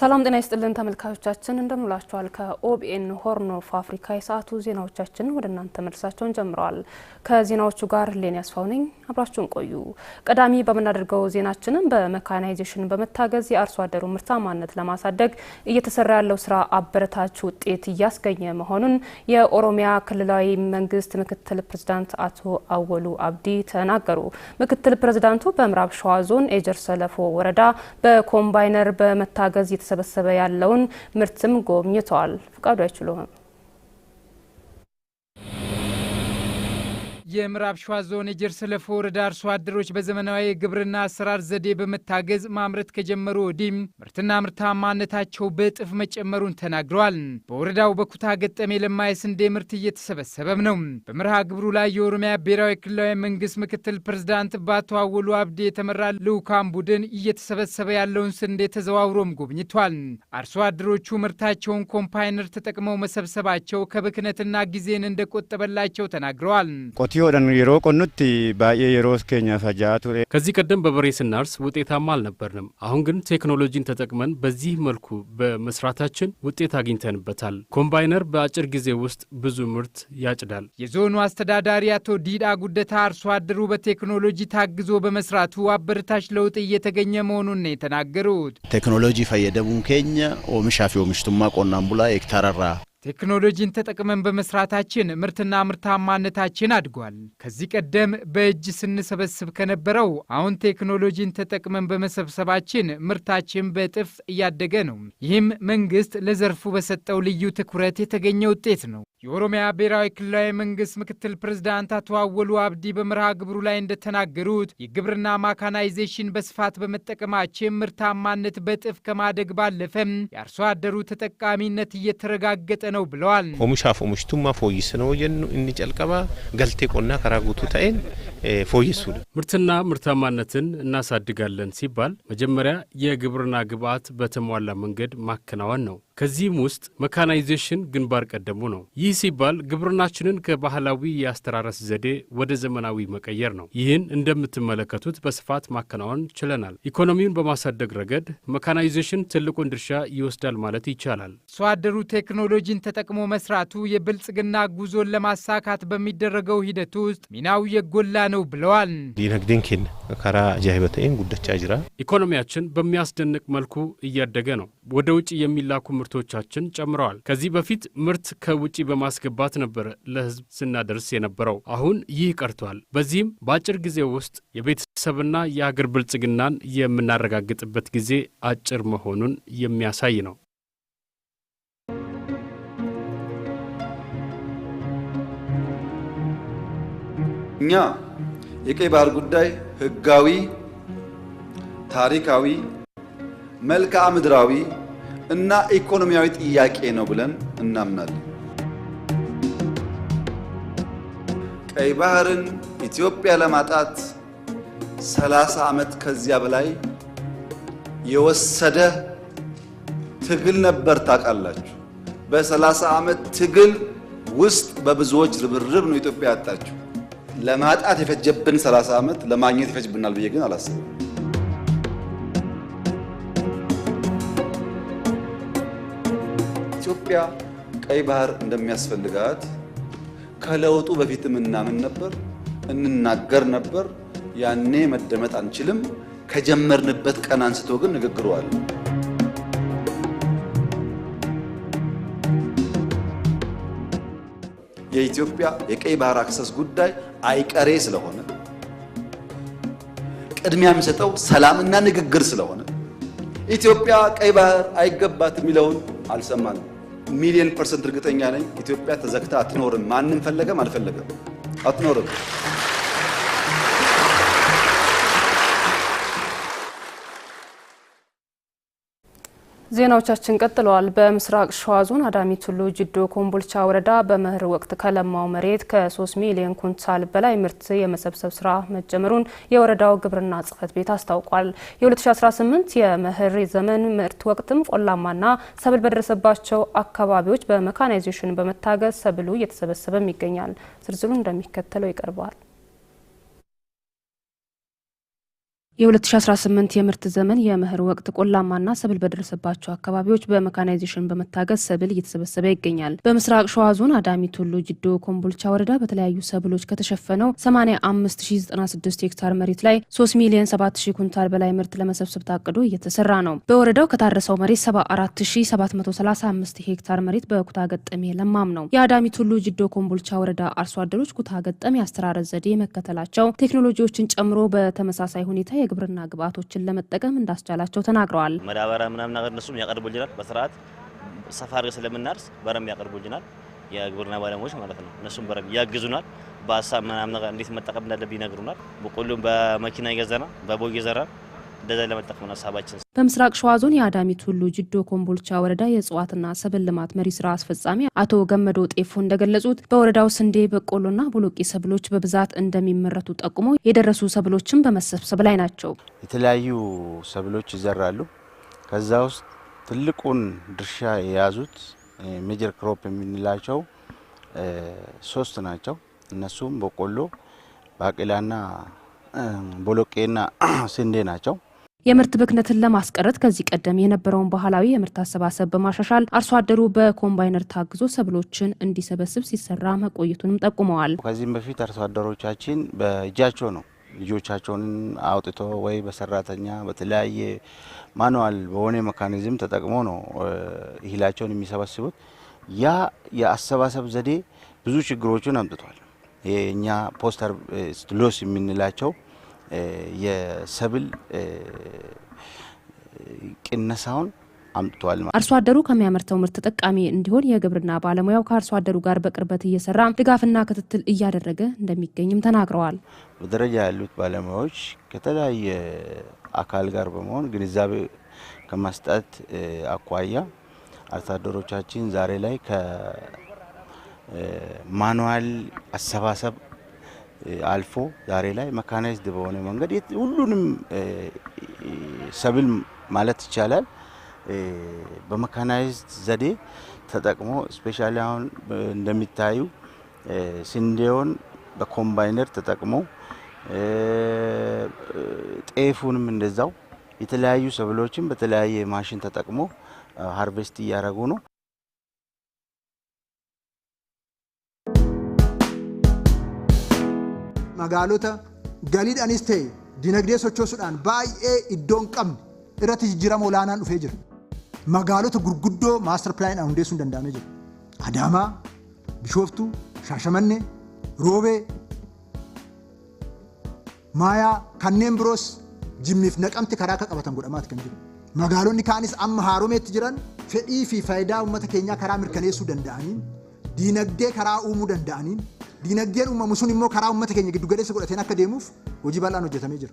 ሰላም ጤና ይስጥልን ተመልካቾቻችን፣ እንደምንላችኋል። ከኦቢኤን ሆርን ኦፍ አፍሪካ የሰዓቱ ዜናዎቻችን ወደ እናንተ መድረሳቸውን ጀምረዋል። ከዜናዎቹ ጋር ሌን ያስፋው ነኝ፣ አብራችሁን ቆዩ። ቀዳሚ በምናደርገው ዜናችንን በመካናይዜሽን በመታገዝ የአርሶ አደሩ ምርታማነት ለማሳደግ እየተሰራ ያለው ስራ አበረታች ውጤት እያስገኘ መሆኑን የኦሮሚያ ክልላዊ መንግስት ምክትል ፕሬዚዳንት አቶ አወሉ አብዲ ተናገሩ። ምክትል ፕሬዚዳንቱ በምዕራብ ሸዋ ዞን ኤጀር ሰለፎ ወረዳ በኮምባይነር በመታገዝ እየተሰበሰበ ያለውን ምርትም ጎብኝተዋል። ፍቃዱ አይችሉም የምዕራብ ሸዋ ዞን የጀርስ ለፎ ወረዳ አርሶ አደሮች በዘመናዊ የግብርና አሰራር ዘዴ በመታገዝ ማምረት ከጀመሩ ወዲህም ምርትና ምርታማነታቸው በእጥፍ መጨመሩን ተናግረዋል። በወረዳው በኩታ ገጠም የለማ የስንዴ ምርት እየተሰበሰበም ነው። በመርሃ ግብሩ ላይ የኦሮሚያ ብሔራዊ ክልላዊ መንግስት ምክትል ፕሬዝዳንት በአቶ አወሉ አብዴ የተመራ ልዑካን ቡድን እየተሰበሰበ ያለውን ስንዴ ተዘዋውሮም ጎብኝቷል። አርሶ አደሮቹ ምርታቸውን ኮምፓይነር ተጠቅመው መሰብሰባቸው ከብክነትና ጊዜን እንደቆጠበላቸው ተናግረዋል። ሲሆን የሮ ቆኑት ባየ የሮ ስኬኛ ፈጃ ቱሬ ከዚህ ቀደም በበሬ ስናርስ ውጤታማ አልነበርንም። አሁን ግን ቴክኖሎጂን ተጠቅመን በዚህ መልኩ በመስራታችን ውጤት አግኝተንበታል። ኮምባይነር በአጭር ጊዜ ውስጥ ብዙ ምርት ያጭዳል። የዞኑ አስተዳዳሪ አቶ ዲዳ ጉደታ አርሶ አደሩ በቴክኖሎጂ ታግዞ በመስራቱ አበረታች ለውጥ እየተገኘ መሆኑን ነው የተናገሩት። ቴክኖሎጂ ፈየደቡን ኬኛ ኦምሻፊ ኦምሽቱማ ቆናምቡላ ቡላ ኤክታራራ ቴክኖሎጂን ተጠቅመን በመስራታችን ምርትና ምርታማነታችን አድጓል። ከዚህ ቀደም በእጅ ስንሰበስብ ከነበረው አሁን ቴክኖሎጂን ተጠቅመን በመሰብሰባችን ምርታችን በእጥፍ እያደገ ነው። ይህም መንግስት ለዘርፉ በሰጠው ልዩ ትኩረት የተገኘ ውጤት ነው። የኦሮሚያ ብሔራዊ ክልላዊ መንግስት ምክትል ፕሬዝዳንት አቶ አወሉ አብዲ በመርሃ ግብሩ ላይ እንደተናገሩት የግብርና ማካናይዜሽን በስፋት በመጠቀማችን ምርታማነት በእጥፍ ከማደግ ባለፈም የአርሶ አደሩ ተጠቃሚነት እየተረጋገጠ ነው ብለዋል። ኦሙሻፍ ኦሙሽቱማ ፎይስ ነው የኑ እኒ ጨልቀባ ገልቴ ቆና ከራጉቱ ታይን ፎይሱ ምርትና ምርታማነትን እናሳድጋለን ሲባል መጀመሪያ የግብርና ግብአት በተሟላ መንገድ ማከናወን ነው። ከዚህም ውስጥ መካናይዜሽን ግንባር ቀደሙ ነው። ይህ ሲባል ግብርናችንን ከባህላዊ የአስተራረስ ዘዴ ወደ ዘመናዊ መቀየር ነው። ይህን እንደምትመለከቱት በስፋት ማከናወን ችለናል። ኢኮኖሚውን በማሳደግ ረገድ መካናይዜሽን ትልቁን ድርሻ ይወስዳል ማለት ይቻላል። አርሶ ቴክኖሎጂን ተጠቅሞ መስራቱ የብልጽግና ጉዞን ለማሳካት በሚደረገው ሂደት ውስጥ ሚናው የጎላ ነው ብለዋል። ዲነግዲንኪን ከራ ጃሂበተይን ጉደቻ ጅራ ኢኮኖሚያችን በሚያስደንቅ መልኩ እያደገ ነው። ወደ ውጭ የሚላኩ ምርት ምርቶቻችን ጨምረዋል። ከዚህ በፊት ምርት ከውጪ በማስገባት ነበር ለህዝብ ስናደርስ የነበረው። አሁን ይህ ቀርቷል። በዚህም በአጭር ጊዜ ውስጥ የቤተሰብና የአገር ብልጽግናን የምናረጋግጥበት ጊዜ አጭር መሆኑን የሚያሳይ ነው። እኛ የቀይ ባህር ጉዳይ ህጋዊ፣ ታሪካዊ፣ መልክዓ ምድራዊ እና ኢኮኖሚያዊ ጥያቄ ነው ብለን እናምናለን። ቀይ ባህርን ኢትዮጵያ ለማጣት 30 ዓመት ከዚያ በላይ የወሰደ ትግል ነበር። ታውቃላችሁ፣ በ30 ዓመት ትግል ውስጥ በብዙዎች ርብርብ ነው ኢትዮጵያ ያጣችሁ። ለማጣት የፈጀብን 30 ዓመት ለማግኘት ይፈጅብናል ብዬ ግን አላስብም። ኢትዮጵያ ቀይ ባህር እንደሚያስፈልጋት ከለውጡ በፊትም እናምን ነበር፣ እንናገር ነበር። ያኔ መደመጥ አንችልም። ከጀመርንበት ቀን አንስቶ ግን አለ። የኢትዮጵያ የቀይ ባህር አክሰስ ጉዳይ አይቀሬ ስለሆነ ቅድሚያ የሚሰጠው ሰላምና ንግግር ስለሆነ ኢትዮጵያ ቀይ ባህር አይገባት የሚለውን አልሰማንም። ሚሊየን ፐርሰንት እርግጠኛ ነኝ ኢትዮጵያ ተዘግታ አትኖርም። ማንም ፈለገም አልፈለገም አትኖርም። ዜናዎቻችን ቀጥለዋል። በምስራቅ ሸዋ ዞን አዳሚ ቱሉ ጅዶ ኮምቦልቻ ወረዳ በመኸር ወቅት ከለማው መሬት ከ3 ሚሊዮን ኩንታል በላይ ምርት የመሰብሰብ ስራ መጀመሩን የወረዳው ግብርና ጽሕፈት ቤት አስታውቋል። የ2018 የመኸር ዘመን ምርት ወቅትም ቆላማና ሰብል በደረሰባቸው አካባቢዎች በመካናይዜሽን በመታገዝ ሰብሉ እየተሰበሰበም ይገኛል። ዝርዝሩ እንደሚከተለው ይቀርባል። የ2018 የምርት ዘመን የመኸር ወቅት ቆላማና ሰብል በደረሰባቸው አካባቢዎች በመካናይዜሽን በመታገዝ ሰብል እየተሰበሰበ ይገኛል። በምስራቅ ሸዋ ዞን አዳሚ ቱሉ ጅዶ ኮምቦልቻ ወረዳ በተለያዩ ሰብሎች ከተሸፈነው 85096 ሄክታር መሬት ላይ 3 ሚሊዮን 7000 ኩንታል በላይ ምርት ለመሰብሰብ ታቅዶ እየተሰራ ነው። በወረዳው ከታረሰው መሬት 74735 ሄክታር መሬት በኩታ ገጠሜ ለማም ነው። የአዳሚ ቱሉ ጅዶ ኮምቦልቻ ወረዳ አርሶ አደሮች ኩታ ገጠሜ የአስተራረስ ዘዴ መከተላቸው ቴክኖሎጂዎችን ጨምሮ በተመሳሳይ ሁኔታ የግብርና ግብዓቶችን ለመጠቀም እንዳስቻላቸው ተናግረዋል። መዳበሪያ ምናምን ነገር እነሱም ያቀርቡልናል በስርዓት ሰፋ አድርገን ስለምናርስ በረም ያቀርቡልናል። የግብርና ባለሙያዎች ማለት ነው። እነሱም በረም ያግዙናል። በሀሳብ ምናምን ነገር እንዴት መጠቀም እንዳለብን ይነግሩናል። በቆሎም በመኪና እየዘራ በቦይ እየዘራ እንደዛ ለመጠቀም ነው ሀሳባችን። በምስራቅ ሸዋ ዞን የአዳሚ ቱሉ ጅዶ ኮምቦልቻ ወረዳ የእጽዋትና ሰብል ልማት መሪ ስራ አስፈጻሚ አቶ ገመዶ ጤፎ እንደገለጹት በወረዳው ስንዴ፣ በቆሎና ቦሎቄ ሰብሎች በብዛት እንደሚመረቱ ጠቁሞ የደረሱ ሰብሎችን በመሰብሰብ ላይ ናቸው። የተለያዩ ሰብሎች ይዘራሉ። ከዛ ውስጥ ትልቁን ድርሻ የያዙት ሜጀር ክሮፕ የምንላቸው ሶስት ናቸው። እነሱም በቆሎ፣ ባቄላና ቦሎቄና ስንዴ ናቸው። የምርት ብክነትን ለማስቀረት ከዚህ ቀደም የነበረውን ባህላዊ የምርት አሰባሰብ በማሻሻል አርሶ አደሩ በኮምባይነር ታግዞ ሰብሎችን እንዲሰበስብ ሲሰራ መቆየቱንም ጠቁመዋል። ከዚህም በፊት አርሶ አደሮቻችን በእጃቸው ነው ልጆቻቸውን አውጥቶ ወይ በሰራተኛ በተለያየ ማኑዋል በሆነ መካኒዝም ተጠቅሞ ነው እህላቸውን የሚሰበስቡት። ያ የአሰባሰብ ዘዴ ብዙ ችግሮችን አምጥቷል። የእኛ ፖስተር ሎስ የምንላቸው የሰብል ቅነሳውን አምጥቷል። አርሶ አደሩ ከሚያመርተው ምርት ተጠቃሚ እንዲሆን የግብርና ባለሙያው ከአርሶ አደሩ ጋር በቅርበት እየሰራ ድጋፍና ክትትል እያደረገ እንደሚገኝም ተናግረዋል። በደረጃ ያሉት ባለሙያዎች ከተለያየ አካል ጋር በመሆን ግንዛቤ ከማስጣት አኳያ አርሶ አደሮቻችን ዛሬ ላይ ከማኑዋል አሰባሰብ አልፎ ዛሬ ላይ መካናይዝድ በሆነ መንገድ ሁሉንም ሰብል ማለት ይቻላል በመካናይዝድ ዘዴ ተጠቅሞ ስፔሻሊ አሁን እንደሚታዩ ስንዴውን በኮምባይነር ተጠቅሞ ጤፉንም እንደዛው የተለያዩ ሰብሎችን በተለያየ ማሽን ተጠቅሞ ሀርቬስት እያደረጉ ነው። magaalota galiidhaanis ta'e dinagdee sochoosuudhaan baay'ee iddoon qabne irratti jijjiirama olaanaan dhufee jira. Magaalota gurguddoo maastar pilaanidhaan hundeessuun danda'amee jira. Adaamaa, Bishooftuu, Shaashamannee, Roobee, Maayaa kanneen biroos jimmiif naqamti karaa akka qabatan godhamaati kan jiru. Magaalonni kaanis amma haaromeetti jiran fedhii fi faayidaa uummata keenyaa karaa mirkaneessuu danda'aniin diinagdee karaa uumuu danda'aniin dinagdeen uumamu sun immoo karaa uummata keenya giddu galeessa godhateen akka deemuuf hojii bal'aan hojjetamee jira.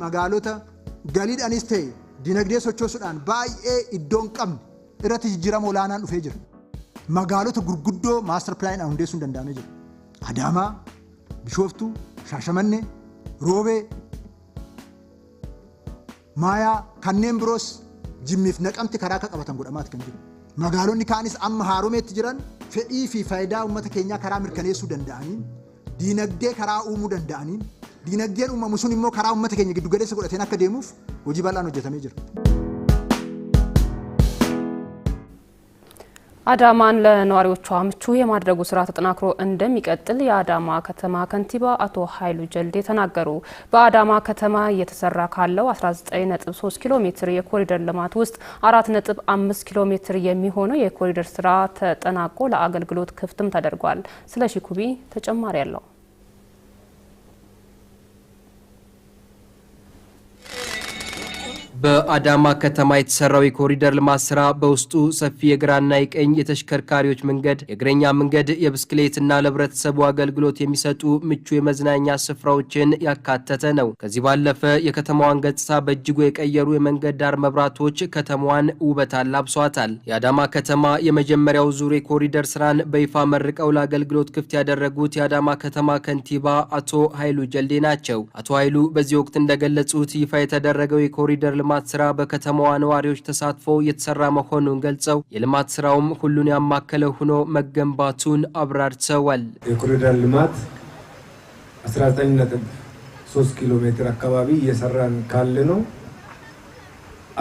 Magaalota galiidhaanis ta'e dinagdee sochoosuudhaan baay'ee iddoon qabne irratti jijjiirama olaanaan dhufee jira. Magaalota gurguddoo maastar pilaanidhaan hundeessuun danda'amee jira. Adaamaa, Bishooftuu, Shaashamannee, Roobee maayaa kanneen biroos jimmiif naqamti karaa akka qabatan godhamaati kan jiru. Magaalonni kaanis amma haaromeetti jiran fedhii fi faayidaa ummata keenyaa karaa mirkaneessuu danda'aniin diinagdee karaa uumuu danda'aniin diinagdeen uumamu sun immoo karaa ummata keenya giddugaleessa godhateen akka deemuuf hojii bal'aan hojjetamee jira. አዳማን ለነዋሪዎቿ ምቹ የማድረጉ ስራ ተጠናክሮ እንደሚቀጥል የአዳማ ከተማ ከንቲባ አቶ ኃይሉ ጀልዴ ተናገሩ። በአዳማ ከተማ እየተሰራ ካለው 19.3 ኪሎ ሜትር የኮሪደር ልማት ውስጥ 4.5 ኪሎ ሜትር የሚሆነው የኮሪደር ስራ ተጠናቆ ለአገልግሎት ክፍትም ተደርጓል። ስለ ሺኩቢ ተጨማሪ አለው። በአዳማ ከተማ የተሰራው የኮሪደር ልማት ስራ በውስጡ ሰፊ የግራና የቀኝ የተሽከርካሪዎች መንገድ፣ የእግረኛ መንገድ፣ የብስክሌትና ለህብረተሰቡ አገልግሎት የሚሰጡ ምቹ የመዝናኛ ስፍራዎችን ያካተተ ነው። ከዚህ ባለፈ የከተማዋን ገጽታ በእጅጉ የቀየሩ የመንገድ ዳር መብራቶች ከተማዋን ውበት አላብሷታል። የአዳማ ከተማ የመጀመሪያው ዙር የኮሪደር ስራን በይፋ መርቀው ለአገልግሎት ክፍት ያደረጉት የአዳማ ከተማ ከንቲባ አቶ ኃይሉ ጀልዴ ናቸው። አቶ ኃይሉ በዚህ ወቅት እንደገለጹት ይፋ የተደረገው የኮሪደር ልማት የልማት ስራ በከተማዋ ነዋሪዎች ተሳትፎ የተሰራ መሆኑን ገልጸው የልማት ስራውም ሁሉን ያማከለ ሆኖ መገንባቱን አብራርተዋል። የኮሪደር ልማት 19.3 ኪሎ ሜትር አካባቢ እየሰራን ካለ ነው።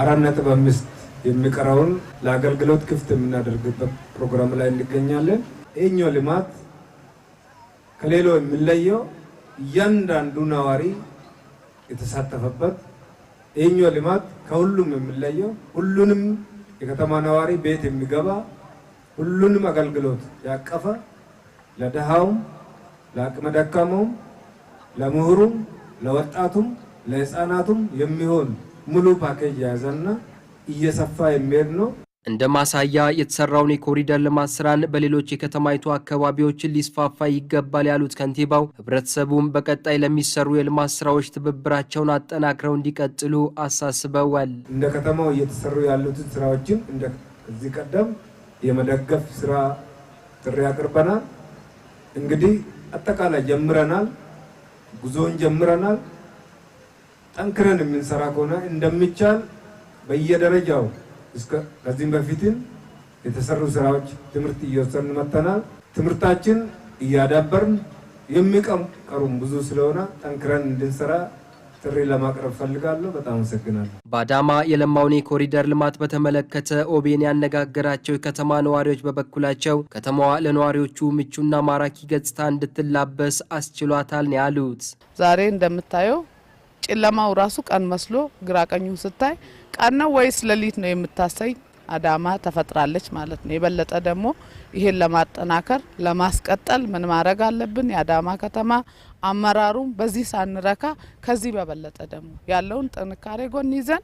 4.5 የሚቀረውን ለአገልግሎት ክፍት የምናደርግበት ፕሮግራም ላይ እንገኛለን። ይህኛው ልማት ከሌላው የሚለየው እያንዳንዱ ነዋሪ የተሳተፈበት ይህኛ ልማት ከሁሉም የሚለየው ሁሉንም የከተማ ነዋሪ ቤት የሚገባ ሁሉንም አገልግሎት ያቀፈ ለድሃውም፣ ለአቅመ ደካማውም፣ ለምሁሩም፣ ለወጣቱም፣ ለህፃናቱም የሚሆን ሙሉ ፓኬጅ የያዘና እየሰፋ የሚሄድ ነው። እንደ ማሳያ የተሰራውን የኮሪደር ልማት ስራን በሌሎች የከተማይቱ አካባቢዎችን ሊስፋፋ ይገባል ያሉት ከንቲባው ህብረተሰቡም በቀጣይ ለሚሰሩ የልማት ስራዎች ትብብራቸውን አጠናክረው እንዲቀጥሉ አሳስበዋል። እንደ ከተማው እየተሰሩ ያሉትን ስራዎችም እንደ ከዚህ ቀደም የመደገፍ ስራ ጥሪ አቅርበናል። እንግዲህ አጠቃላይ ጀምረናል፣ ጉዞውን ጀምረናል። ጠንክረን የምንሰራ ከሆነ እንደሚቻል በየደረጃው ከዚህም በፊትም የተሰሩ ስራዎች ትምህርት እየወሰን መጥተናል። ትምህርታችን እያዳበርን የሚቀሩም ብዙ ስለሆነ ጠንክረን እንድንሰራ ጥሪ ለማቅረብ ፈልጋለሁ። በጣም አመሰግናለሁ። በአዳማ የለማውን የኮሪደር ልማት በተመለከተ ኦቤን ያነጋገራቸው የከተማ ነዋሪዎች በበኩላቸው ከተማዋ ለነዋሪዎቹ ምቹና ማራኪ ገጽታ እንድትላበስ አስችሏታል ነው ያሉት። ዛሬ እንደምታየው ጨለማው ራሱ ቀን መስሎ ግራቀኙ ስታይ ቀን ነው ወይስ ሌሊት ነው የምታሰኝ አዳማ ተፈጥራለች ማለት ነው። የበለጠ ደግሞ ይሄን ለማጠናከር ለማስቀጠል ምን ማድረግ አለብን? የአዳማ ከተማ አመራሩም በዚህ ሳንረካ ከዚህ በበለጠ ደግሞ ያለውን ጥንካሬ ጎን ይዘን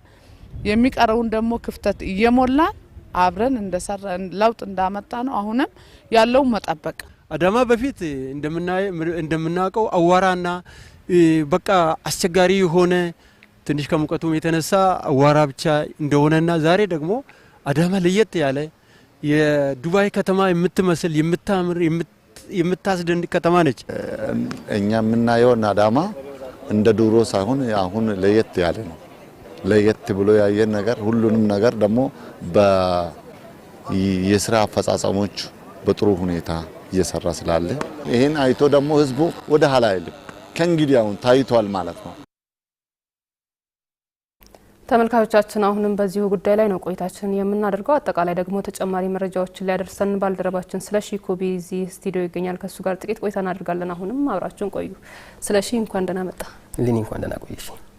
የሚቀረውን ደግሞ ክፍተት እየሞላን አብረን እንደሰራ ለውጥ እንዳመጣ ነው አሁንም ያለውን መጠበቅ አዳማ በፊት እንደምናውቀው አዋራና በቃ አስቸጋሪ የሆነ ትንሽ ከሙቀቱም የተነሳ አዋራ ብቻ እንደሆነና ዛሬ ደግሞ አዳማ ለየት ያለ የዱባይ ከተማ የምትመስል የምታምር የምታስደንቅ ከተማ ነች። እኛ የምናየውን አዳማ እንደ ዱሮ ሳይሆን አሁን ለየት ያለ ነው። ለየት ብሎ ያየን ነገር ሁሉንም ነገር ደግሞ የስራ አፈጻጸሞች በጥሩ ሁኔታ እየሰራ ስላለ ይህን አይቶ ደግሞ ህዝቡ ወደ ኋላ አይልም። ከእንግዲህ አሁን ታይቷል ማለት ነው። ተመልካቾቻችን አሁንም በዚሁ ጉዳይ ላይ ነው ቆይታችን የምናደርገው። አጠቃላይ ደግሞ ተጨማሪ መረጃዎችን ሊያደርሰን ባልደረባችን ስለሺ ኩቢ እዚህ ስቱዲዮ ይገኛል። ከእሱ ጋር ጥቂት ቆይታ እናደርጋለን። አሁንም አብራችሁን ቆዩ። ስለሺ እንኳን ደህና መጣ። ሊኒ እንኳን ደህና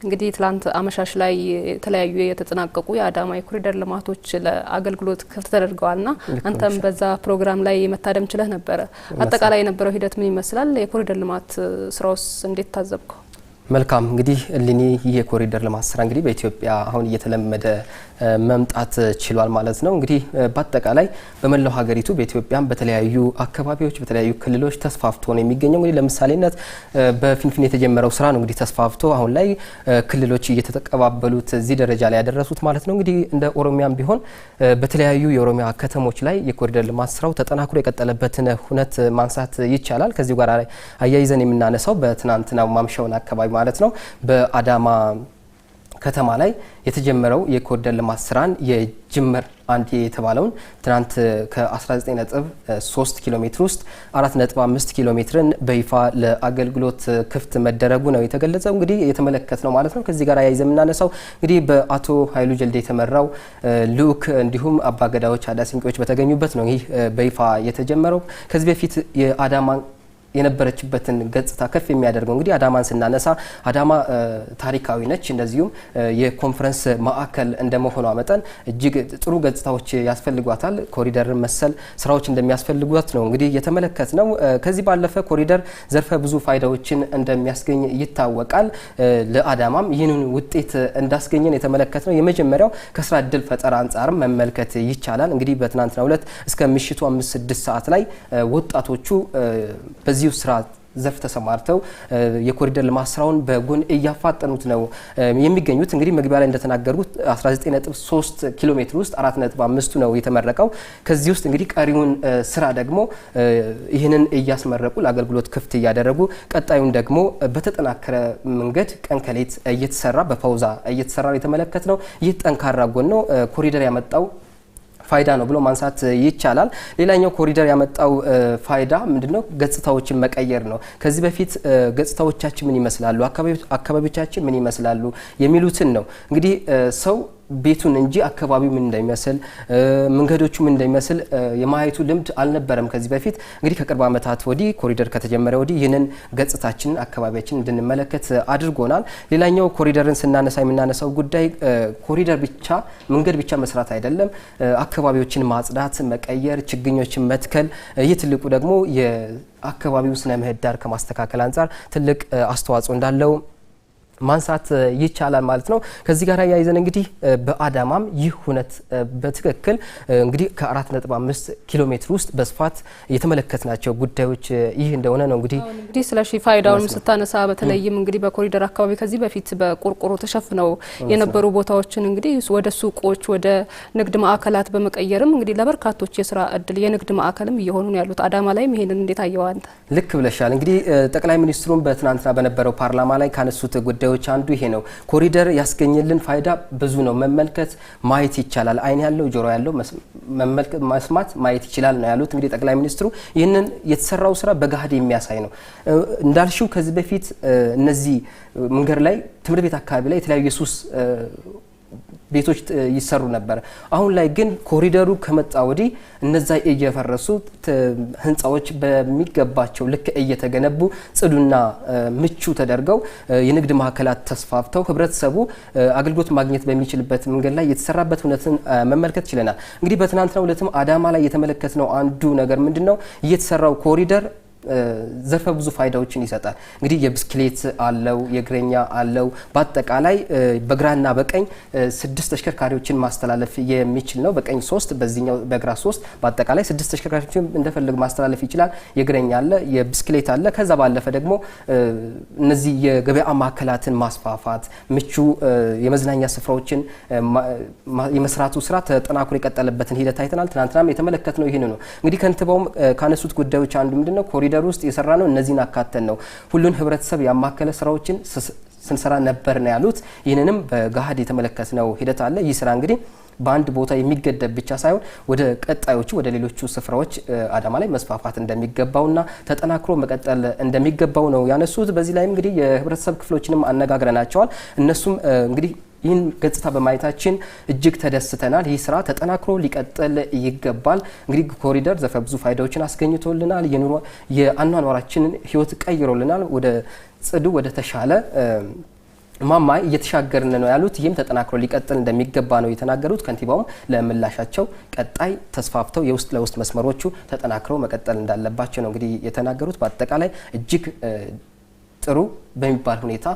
እንግዲህ ትላንት አመሻሽ ላይ የተለያዩ የተጠናቀቁ የአዳማ የኮሪደር ልማቶች ለአገልግሎት ክፍት ና አንተም በዛ ፕሮግራም ላይ መታደም ችለህ ነበረ። አጠቃላይ የነበረው ሂደት ምን ይመስላል? የኮሪደር ልማት ስራውስ እንዴት ታዘብከው? መልካም እንግዲህ እልኒ ይህ የኮሪደር ልማት ስራ እንግዲህ በኢትዮጵያ አሁን እየተለመደ መምጣት ችሏል ማለት ነው። እንግዲህ በአጠቃላይ በመላው ሀገሪቱ በኢትዮጵያም በተለያዩ አካባቢዎች በተለያዩ ክልሎች ተስፋፍቶ ነው የሚገኘው። እንግዲህ ለምሳሌነት በፊንፊን የተጀመረው ስራ ነው እንግዲህ ተስፋፍቶ አሁን ላይ ክልሎች እየተቀባበሉት እዚህ ደረጃ ላይ ያደረሱት ማለት ነው። እንግዲህ እንደ ኦሮሚያም ቢሆን በተለያዩ የኦሮሚያ ከተሞች ላይ የኮሪደር ልማት ስራው ተጠናክሮ የቀጠለበትን ሁነት ማንሳት ይቻላል። ከዚህ ጋር አያይዘን የምናነሳው በትናንትናው ማምሻውን አካባቢ ማለት ነው በአዳማ ከተማ ላይ የተጀመረው የኮሪደር ልማት ስራን የጅምር አንድ የተባለውን ትናንት ከ19.3 ኪሎ ሜትር ውስጥ 4.5 ኪሎ ሜትርን በይፋ ለአገልግሎት ክፍት መደረጉ ነው የተገለጸው። እንግዲህ የተመለከት ነው ማለት ነው። ከዚህ ጋር ያይዘ የምናነሳው እንግዲህ በአቶ ኃይሉ ጀልዴ የተመራው ልዑክ እንዲሁም አባገዳዎች አዳሲንቄዎች በተገኙበት ነው ይህ በይፋ የተጀመረው። ከዚህ በፊት የአዳማ የነበረችበትን ገጽታ ከፍ የሚያደርገው እንግዲህ አዳማን ስናነሳ አዳማ ታሪካዊ ነች። እንደዚሁም የኮንፈረንስ ማዕከል እንደመሆኗ መጠን እጅግ ጥሩ ገጽታዎች ያስፈልጓታል። ኮሪደር መሰል ስራዎች እንደሚያስፈልጓት ነው እንግዲህ የተመለከት ነው። ከዚህ ባለፈ ኮሪደር ዘርፈ ብዙ ፋይዳዎችን እንደሚያስገኝ ይታወቃል። ለአዳማም ይህንን ውጤት እንዳስገኘን የተመለከት ነው። የመጀመሪያው ከስራ እድል ፈጠራ አንጻርም መመልከት ይቻላል። እንግዲህ በትናንትናው ዕለት እስከ ምሽቱ አምስት ስድስት ሰዓት ላይ ወጣቶቹ በዚህ በዚሁ ስራ ዘርፍ ተሰማርተው የኮሪደር ልማት ስራውን በጎን እያፋጠኑት ነው የሚገኙት። እንግዲህ መግቢያ ላይ እንደተናገርኩት 19.3 ኪሎ ሜትር ውስጥ 4.5ቱ ነው የተመረቀው። ከዚህ ውስጥ እንግዲህ ቀሪውን ስራ ደግሞ ይህንን እያስመረቁ ለአገልግሎት ክፍት እያደረጉ ቀጣዩን ደግሞ በተጠናከረ መንገድ ቀን ከሌት እየተሰራ በፓውዛ እየተሰራ የተመለከት ነው። ይህ ጠንካራ ጎን ነው ኮሪደር ያመጣው ፋይዳ ነው ብሎ ማንሳት ይቻላል። ሌላኛው ኮሪደር ያመጣው ፋይዳ ምንድነው? ገጽታዎችን መቀየር ነው። ከዚህ በፊት ገጽታዎቻችን ምን ይመስላሉ፣ አካባቢዎቻችን ምን ይመስላሉ የሚሉትን ነው እንግዲህ ሰው ቤቱን እንጂ አካባቢው ምን እንደሚመስል መንገዶቹ ምን እንደሚመስል የማየቱ ልምድ አልነበረም ከዚህ በፊት። እንግዲህ ከቅርብ ዓመታት ወዲህ ኮሪደር ከተጀመረ ወዲህ ይህንን ገጽታችንን አካባቢያችን እንድንመለከት አድርጎናል። ሌላኛው ኮሪደርን ስናነሳ የምናነሳው ጉዳይ ኮሪደር ብቻ መንገድ ብቻ መስራት አይደለም፣ አካባቢዎችን ማጽዳት፣ መቀየር፣ ችግኞችን መትከል ይህ ትልቁ ደግሞ የአካባቢው ስነ ምህዳር ከማስተካከል አንጻር ትልቅ አስተዋጽኦ እንዳለው ማንሳት ይቻላል ማለት ነው። ከዚህ ጋር ያይዘን እንግዲህ በአዳማም ይህ ሁነት በትክክል እንግዲህ ከ4.5 ኪሎ ሜትር ውስጥ በስፋት የተመለከትናቸው ጉዳዮች ይህ እንደሆነ ነው። እንግዲህ እንግዲህ ስለ ፋይዳውንም ስታነሳ በተለይም እንግዲህ በኮሪደር አካባቢ ከዚህ በፊት በቆርቆሮ ተሸፍነው የነበሩ ቦታዎችን እንግዲህ ወደ ሱቆች፣ ወደ ንግድ ማዕከላት በመቀየርም እንግዲህ ለበርካቶች የስራ እድል የንግድ ማዕከልም እየሆኑ ያሉት አዳማ ላይም ይሄንን እንዴት አየዋል? ልክ ብለሻል። እንግዲህ ጠቅላይ ሚኒስትሩም በትናንትና በነበረው ፓርላማ ላይ ካነሱት ጉዳዮች ጉዳዮች አንዱ ይሄ ነው። ኮሪደር ያስገኘልን ፋይዳ ብዙ ነው። መመልከት ማየት ይቻላል። አይን ያለው ጆሮ ያለው መመልከት መስማት ማየት ይችላል ነው ያሉት። እንግዲህ ጠቅላይ ሚኒስትሩ ይህንን የተሰራው ስራ በገሃድ የሚያሳይ ነው እንዳልሽው ከዚህ በፊት እነዚህ መንገድ ላይ ትምህርት ቤት አካባቢ ላይ የተለያዩ የሱስ ቤቶች ይሰሩ ነበር። አሁን ላይ ግን ኮሪደሩ ከመጣ ወዲህ እነዛ እየፈረሱ ህንፃዎች በሚገባቸው ልክ እየተገነቡ ጽዱና ምቹ ተደርገው የንግድ ማዕከላት ተስፋፍተው ህብረተሰቡ አገልግሎት ማግኘት በሚችልበት መንገድ ላይ የተሰራበት እውነትን መመልከት ችለናል። እንግዲህ በትናንትናው ዕለትም አዳማ ላይ የተመለከትነው አንዱ ነገር ምንድን ነው እየተሰራው ኮሪደር ዘርፈ ብዙ ፋይዳዎችን ይሰጣል። እንግዲህ የብስክሌት አለው፣ የእግረኛ አለው። በአጠቃላይ በግራና በቀኝ ስድስት ተሽከርካሪዎችን ማስተላለፍ የሚችል ነው። በቀኝ ሶስት፣ በዚህኛው በግራ ሶስት፣ በአጠቃላይ ስድስት ተሽከርካሪዎችን እንደፈለግ ማስተላለፍ ይችላል። የእግረኛ አለ፣ የብስክሌት አለ። ከዛ ባለፈ ደግሞ እነዚህ የገበያ ማዕከላትን ማስፋፋት፣ ምቹ የመዝናኛ ስፍራዎችን የመስራቱ ስራ ተጠናክሮ የቀጠለበትን ሂደት አይተናል። ትናንትናም የተመለከትነው ይህን ነው። እንግዲህ ከንቲባውም ካነሱት ጉዳዮች አንዱ ምንድነው ኮሪደር ኮሪደር ውስጥ የሰራ ነው እነዚህን አካተን ነው ሁሉን ህብረተሰብ ያማከለ ስራዎችን ስንሰራ ነበር ነው ያሉት። ይህንንም በገሀድ የተመለከትነው ሂደት አለ። ይህ ስራ እንግዲህ በአንድ ቦታ የሚገደብ ብቻ ሳይሆን ወደ ቀጣዮቹ ወደ ሌሎቹ ስፍራዎች አዳማ ላይ መስፋፋት እንደሚገባውና ተጠናክሮ መቀጠል እንደሚገባው ነው ያነሱት። በዚህ ላይም እንግዲህ የህብረተሰብ ክፍሎችንም አነጋግረናቸዋል። እነሱም እንግዲህ ይህን ገጽታ በማየታችን እጅግ ተደስተናል። ይህ ስራ ተጠናክሮ ሊቀጥል ይገባል። እንግዲህ ኮሪደር ዘርፈ ብዙ ፋይዳዎችን አስገኝቶልናል። የአኗኗራችንን ህይወት ቀይሮልናል። ወደ ጽዱ ወደ ተሻለ ማማ እየተሻገርን ነው ያሉት። ይህም ተጠናክሮ ሊቀጥል እንደሚገባ ነው የተናገሩት። ከንቲባውም ለምላሻቸው ቀጣይ ተስፋፍተው የውስጥ ለውስጥ መስመሮቹ ተጠናክረው መቀጠል እንዳለባቸው ነው እንግዲህ የተናገሩት። በአጠቃላይ እጅግ ጥሩ በሚባል ሁኔታ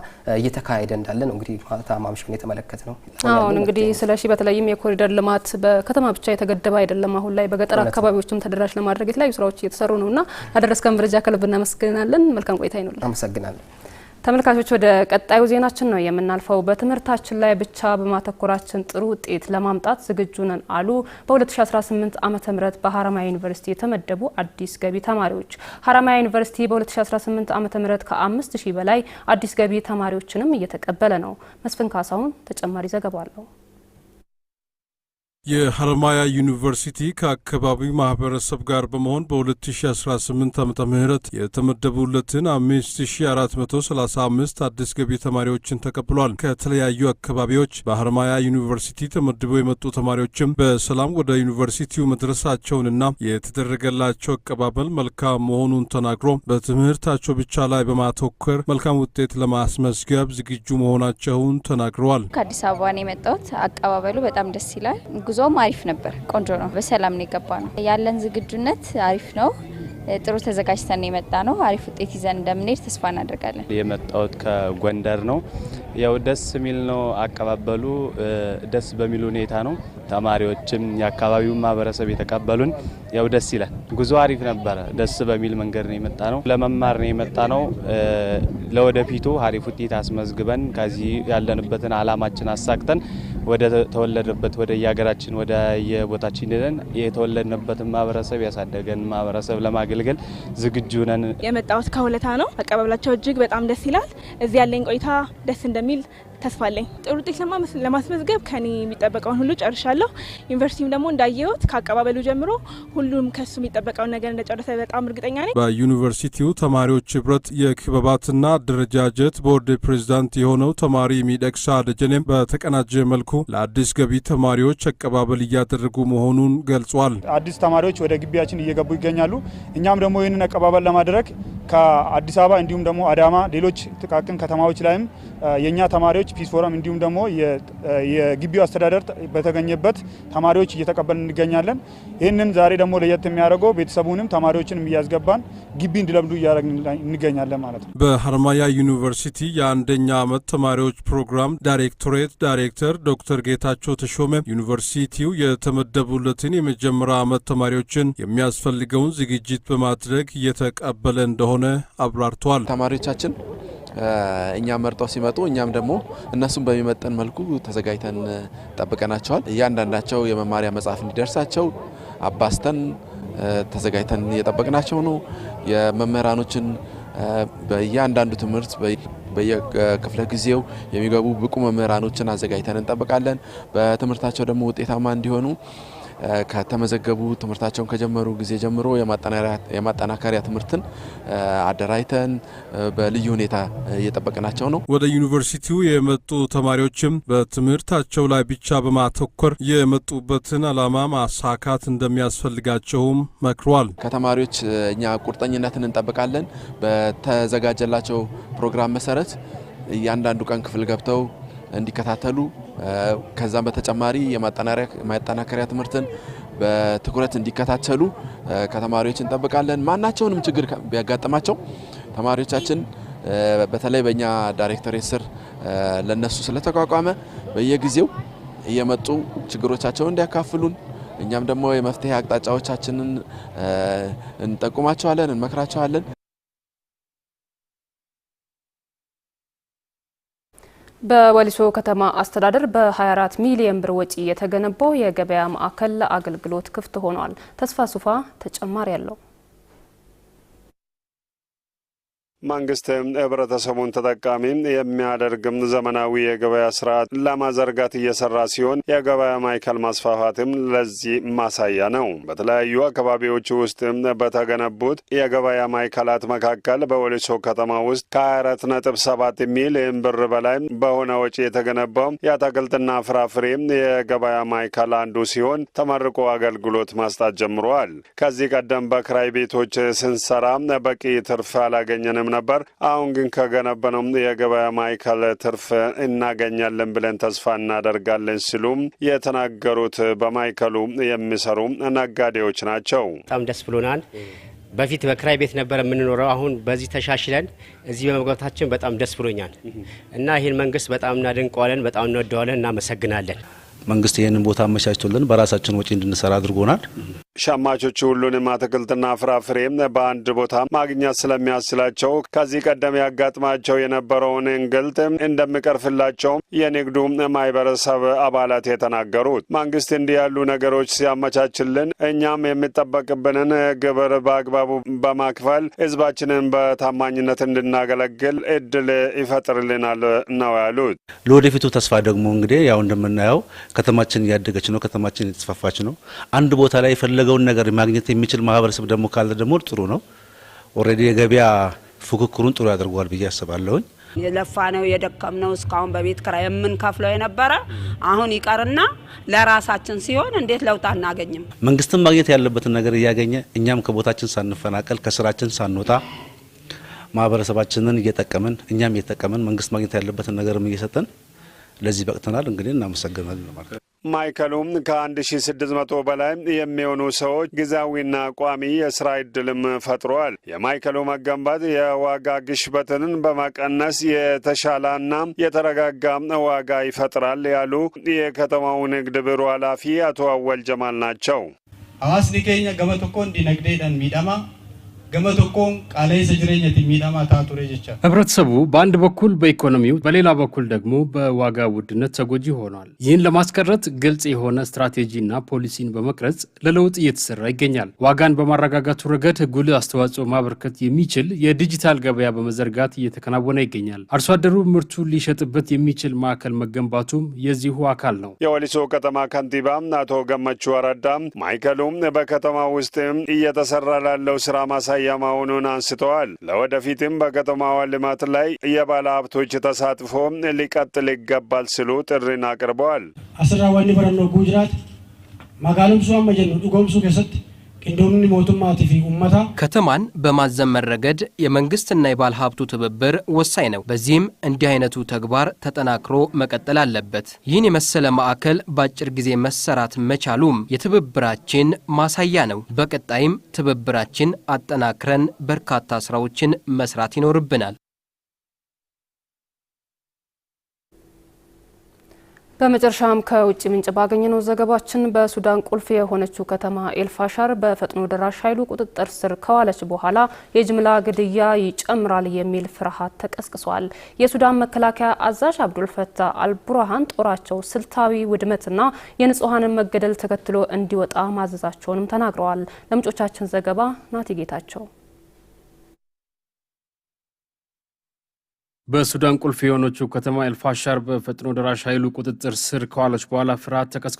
እየተካሄደ እንዳለ ነው እንግዲህ ማታ ማምሻውን የተመለከት ነው። አሁን እንግዲህ ስለ ሺ በተለይም የኮሪደር ልማት በከተማ ብቻ የተገደበ አይደለም። አሁን ላይ በገጠር አካባቢዎችም ተደራሽ ለማድረግ የተለያዩ ስራዎች እየተሰሩ ነው እና ያደረስከን መረጃ ከልብ እናመሰግናለን። መልካም ቆይታ ይኖልን። አመሰግናለን። ተመልካቾች ወደ ቀጣዩ ዜናችን ነው የምናልፈው። በትምህርታችን ላይ ብቻ በማተኮራችን ጥሩ ውጤት ለማምጣት ዝግጁ ነን አሉ በ2018 ዓመተ ምህረት በሀረማያ ዩኒቨርሲቲ የተመደቡ አዲስ ገቢ ተማሪዎች። ሀረማያ ዩኒቨርሲቲ በ2018 ዓ.ም ምህረት ከ5000 በላይ አዲስ ገቢ ተማሪዎችንም እየተቀበለ ነው። መስፍን ካሳሁን ተጨማሪ ዘገባ አለው። የሀረማያ ዩኒቨርሲቲ ከአካባቢው ማህበረሰብ ጋር በመሆን በ2018 ዓመተ ም የተመደቡለትን 5435 አዲስ ገቢ ተማሪዎችን ተቀብሏል። ከተለያዩ አካባቢዎች በሀርማያ ዩኒቨርሲቲ ተመድበው የመጡ ተማሪዎችም በሰላም ወደ ዩኒቨርሲቲው መድረሳቸውንና የተደረገላቸው አቀባበል መልካም መሆኑን ተናግሮ በትምህርታቸው ብቻ ላይ በማተኮር መልካም ውጤት ለማስመዝገብ ዝግጁ መሆናቸውን ተናግረዋል። ከአዲስ አበባ ነው የመጣሁት። አቀባበሉ በጣም ደስ ይላል። ጉዞም አሪፍ ነበር። ቆንጆ ነው። በሰላም ነው የገባ ነው። ያለን ዝግጁነት አሪፍ ነው። ጥሩ ተዘጋጅተን የመጣ ነው። አሪፍ ውጤት ይዘን እንደምንሄድ ተስፋ እናደርጋለን። የመጣሁት ከጎንደር ነው። ያው ደስ የሚል ነው አቀባበሉ፣ ደስ በሚል ሁኔታ ነው ተማሪዎችም የአካባቢውን ማህበረሰብ የተቀበሉን፣ ያው ደስ ይላል። ጉዞ አሪፍ ነበረ። ደስ በሚል መንገድ ነው የመጣ ነው። ለመማር ነው የመጣ ነው። ለወደፊቱ አሪፍ ውጤት አስመዝግበን ከዚህ ያለንበትን አላማችን አሳክተን ወደ ተወለደበት ወደ የሀገራችን ወደ የቦታችን ሄደን የተወለድንበትን ማህበረሰብ ያሳደገን ማህበረሰብ ለማግለ ለማገልገል ዝግጁ ነን። የመጣሁት ከሁለታ ነው። አቀባበላቸው እጅግ በጣም ደስ ይላል። እዚህ ያለኝ ቆይታ ደስ እንደሚል ተስፋ አለኝ። ጥሩ ውጤት ለማስመዝገብ ከኔ የሚጠበቀውን ሁሉ ጨርሻለሁ። ዩኒቨርሲቲም ደግሞ እንዳየሁት ከአቀባበሉ ጀምሮ ሁሉም ከሱ የሚጠበቀውን ነገር እንደጨረሰ በጣም እርግጠኛ ነኝ። በዩኒቨርሲቲው ተማሪዎች ህብረት የክበባትና አደረጃጀት ቦርድ ፕሬዚዳንት የሆነው ተማሪ ሚደቅሳ ደጀኔም በተቀናጀ መልኩ ለአዲስ ገቢ ተማሪዎች አቀባበል እያደረጉ መሆኑን ገልጿል። አዲስ ተማሪዎች ወደ ግቢያችን እየገቡ ይገኛሉ። እኛም ደግሞ ይህንን አቀባበል ለማድረግ ከአዲስ አበባ እንዲሁም ደግሞ አዳማ፣ ሌሎች ጥቃቅን ከተማዎች ላይም የእኛ ተማሪዎች ፒስ ፎረም እንዲሁም ደግሞ የግቢው አስተዳደር በተገኘበት ተማሪዎች እየተቀበልን እንገኛለን። ይህንን ዛሬ ደግሞ ለየት የሚያደርገው ቤተሰቡንም ተማሪዎችንም እያስገባን ግቢ እንዲለምዱ እያደረግን እንገኛለን ማለት ነው። በሀርማያ ዩኒቨርሲቲ የአንደኛ ዓመት ተማሪዎች ፕሮግራም ዳይሬክቶሬት ዳይሬክተር ዶክተር ጌታቸው ተሾመ ዩኒቨርሲቲው የተመደቡለትን የመጀመሪያ ዓመት ተማሪዎችን የሚያስፈልገውን ዝግጅት በማድረግ እየተቀበለ እንደሆነ አብራርተዋል። ተማሪዎቻችን እኛ መርጠው ሲመጡ እኛም ደግሞ እነሱን በሚመጠን መልኩ ተዘጋጅተን ጠብቀናቸዋል። እያንዳንዳቸው የመማሪያ መጽሐፍ እንዲደርሳቸው አባስተን ተዘጋጅተን እየጠበቅናቸው ነው። የመምህራኖችን በእያንዳንዱ ትምህርት በየክፍለ ጊዜው የሚገቡ ብቁ መምህራኖችን አዘጋጅተን እንጠብቃለን። በትምህርታቸው ደግሞ ውጤታማ እንዲሆኑ ከተመዘገቡ ትምህርታቸውን ከጀመሩ ጊዜ ጀምሮ የማጠናከሪያ ትምህርትን አደራጅተን በልዩ ሁኔታ እየጠበቅናቸው ነው። ወደ ዩኒቨርሲቲው የመጡ ተማሪዎችም በትምህርታቸው ላይ ብቻ በማተኮር የመጡበትን ዓላማ ማሳካት እንደሚያስፈልጋቸውም መክሯል። ከተማሪዎች እኛ ቁርጠኝነትን እንጠብቃለን። በተዘጋጀላቸው ፕሮግራም መሰረት እያንዳንዱ ቀን ክፍል ገብተው እንዲከታተሉ ከዛም በተጨማሪ የማጠናከሪያ ትምህርትን በትኩረት እንዲከታተሉ ከተማሪዎች እንጠብቃለን። ማናቸውንም ችግር ቢያጋጥማቸው ተማሪዎቻችን በተለይ በእኛ ዳይሬክቶሬት ስር ለነሱ ስለተቋቋመ በየጊዜው እየመጡ ችግሮቻቸውን እንዲያካፍሉን እኛም ደግሞ የመፍትሄ አቅጣጫዎቻችንን እንጠቁማቸዋለን፣ እንመክራቸዋለን። በወሊሶ ከተማ አስተዳደር በ24 ሚሊዮን ብር ወጪ የተገነባው የገበያ ማዕከል ለአገልግሎት ክፍት ሆኗል። ተስፋ ሱፋ ተጨማሪ አለው። መንግስትም ህብረተሰቡን ተጠቃሚ የሚያደርግም ዘመናዊ የገበያ ስርዓት ለማዘርጋት እየሰራ ሲሆን የገበያ ማዕከል ማስፋፋትም ለዚህ ማሳያ ነው። በተለያዩ አካባቢዎች ውስጥም በተገነቡት የገበያ ማዕከላት መካከል በወሊሶ ከተማ ውስጥ ከ ነጥብ ሰባት ሚሊዮን ብር በላይ በሆነ ወጪ የተገነባው የአትክልትና ፍራፍሬ የገበያ ማዕከል አንዱ ሲሆን ተመርቆ አገልግሎት ማስጣት ጀምረዋል። ከዚህ ቀደም በክራይ ቤቶች ስንሰራ በቂ ትርፍ አላገኘንም ነበር። አሁን ግን ከገነበነው የገበያ ማዕከል ትርፍ እናገኛለን ብለን ተስፋ እናደርጋለን ሲሉ የተናገሩት በማዕከሉ የሚሰሩ ነጋዴዎች ናቸው። በጣም ደስ ብሎናል። በፊት በክራይ ቤት ነበር የምንኖረው። አሁን በዚህ ተሻሽለን እዚህ በመግባታችን በጣም ደስ ብሎኛል እና ይህን መንግስት በጣም እናደንቀዋለን፣ በጣም እንወደዋለን፣ እናመሰግናለን። መንግስት ይህንን ቦታ አመቻችቶልን በራሳችን ወጪ እንድንሰራ አድርጎናል። ሸማቾቹ ሁሉንም አትክልትና ፍራፍሬም በአንድ ቦታ ማግኘት ስለሚያስችላቸው ከዚህ ቀደም ያጋጥማቸው የነበረውን እንግልት እንደሚቀርፍላቸው የንግዱ ማህበረሰብ አባላት የተናገሩት፣ መንግስት እንዲህ ያሉ ነገሮች ሲያመቻችልን እኛም የሚጠበቅብንን ግብር በአግባቡ በማክፈል ህዝባችንን በታማኝነት እንድናገለግል እድል ይፈጥርልናል ነው ያሉት። ለወደፊቱ ተስፋ ደግሞ እንግዲህ ያው እንደምናየው ከተማችን እያደገች ነው። ከተማችን የተስፋፋች ነው። አንድ ቦታ ላይ የሚፈለገውን ነገር ማግኘት የሚችል ማህበረሰብ ደግሞ ካለ ደግሞ ጥሩ ነው። ኦልሬዲ የገበያ ፉክክሩን ጥሩ ያደርገዋል ብዬ አስባለሁኝ። የለፋ ነው የደከም ነው እስካሁን በቤት ክራ የምንከፍለው የነበረ አሁን ይቀርና ለራሳችን ሲሆን እንዴት ለውጥ አናገኝም? መንግስትም ማግኘት ያለበትን ነገር እያገኘ እኛም ከቦታችን ሳንፈናቀል ከስራችን ሳንወጣ ማህበረሰባችንን እየጠቀምን እኛም እየጠቀምን መንግስት ማግኘት ያለበትን ነገርም እየሰጠን ለዚህ በቅተናል። እንግዲህ እናመሰግናለን ማለት ነው። ማዕከሉም ከ1600 በላይ የሚሆኑ ሰዎች ጊዜያዊና ቋሚ የስራ ዕድልም ፈጥሯል። የማዕከሉ መገንባት የዋጋ ግሽበትን በመቀነስ የተሻለና የተረጋጋ ዋጋ ይፈጥራል ያሉ የከተማው ንግድ ቢሮ ኃላፊ አቶ አወል ጀማል ናቸው። አዋስ ኬኛ ገመ ቶኮ ደን ሚደማ ህብረተሰቡ በአንድ በኩል በኢኮኖሚው በሌላ በኩል ደግሞ በዋጋ ውድነት ተጎጂ ሆኗል። ይህን ለማስቀረት ግልጽ የሆነ ስትራቴጂና ፖሊሲን በመቅረጽ ለለውጥ እየተሰራ ይገኛል። ዋጋን በማረጋጋቱ ረገድ ጉልህ አስተዋጽኦ ማበርከት የሚችል የዲጂታል ገበያ በመዘርጋት እየተከናወነ ይገኛል። አርሶ አደሩ ምርቱ ሊሸጥበት የሚችል ማዕከል መገንባቱም የዚሁ አካል ነው። የወሊሶ ከተማ ከንቲባም አቶ ገመቹ አረዳም ማዕከሉም በከተማ ውስጥ እየተሰራ ላለው ስራ ማሳ ማሳያ መሆኑን አንስተዋል። ለወደፊትም በከተማዋ ልማት ላይ የባለ ሀብቶች ተሳትፎ ሊቀጥል ይገባል ሲሉ ጥሪን አቅርበዋል። አስራ ዋኒ ፈረኖ ጉጅራት መጋሉምሱ አመጀኑ ዱጎምሱ ከሰት ከተማን በማዘመን ረገድ የመንግስትና የባለ ሀብቱ ትብብር ወሳኝ ነው። በዚህም እንዲህ አይነቱ ተግባር ተጠናክሮ መቀጠል አለበት። ይህን የመሰለ ማዕከል በአጭር ጊዜ መሰራት መቻሉም የትብብራችን ማሳያ ነው። በቀጣይም ትብብራችን አጠናክረን በርካታ ስራዎችን መስራት ይኖርብናል። በመጨረሻም ከውጭ ምንጭ ባገኘነው ዘገባችን በሱዳን ቁልፍ የሆነችው ከተማ ኤልፋሻር በፈጥኖ ደራሽ ኃይሉ ቁጥጥር ስር ከዋለች በኋላ የጅምላ ግድያ ይጨምራል የሚል ፍርሃት ተቀስቅሷል። የሱዳን መከላከያ አዛዥ አብዱልፈታ አልቡርሃን ጦራቸው ስልታዊ ውድመትና የንጹሐንን መገደል ተከትሎ እንዲወጣ ማዘዛቸውንም ተናግረዋል። ለምንጮቻችን ዘገባ ናቲ ጌታቸው በሱዳን ቁልፍ የሆነችው ከተማ ኤልፋሻር በፈጥኖ ደራሽ ኃይሉ ቁጥጥር ስር ከዋለች በኋላ ፍርሃት ተቀስቅሷል።